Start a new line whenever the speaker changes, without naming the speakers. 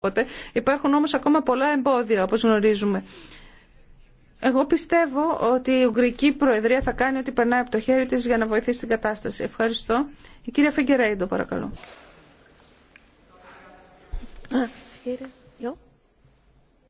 Οπότε υπάρχουν όμως ακόμα πολλά εμπόδια όπως γνωρίζουμε. Εγώ πιστεύω ότι η Ουγγρική Προεδρία θα κάνει ό,τι περνάει από το χέρι της για να βοηθήσει την κατάσταση. Ευχαριστώ. Η κυρία Φεγγερέιντο παρακαλώ.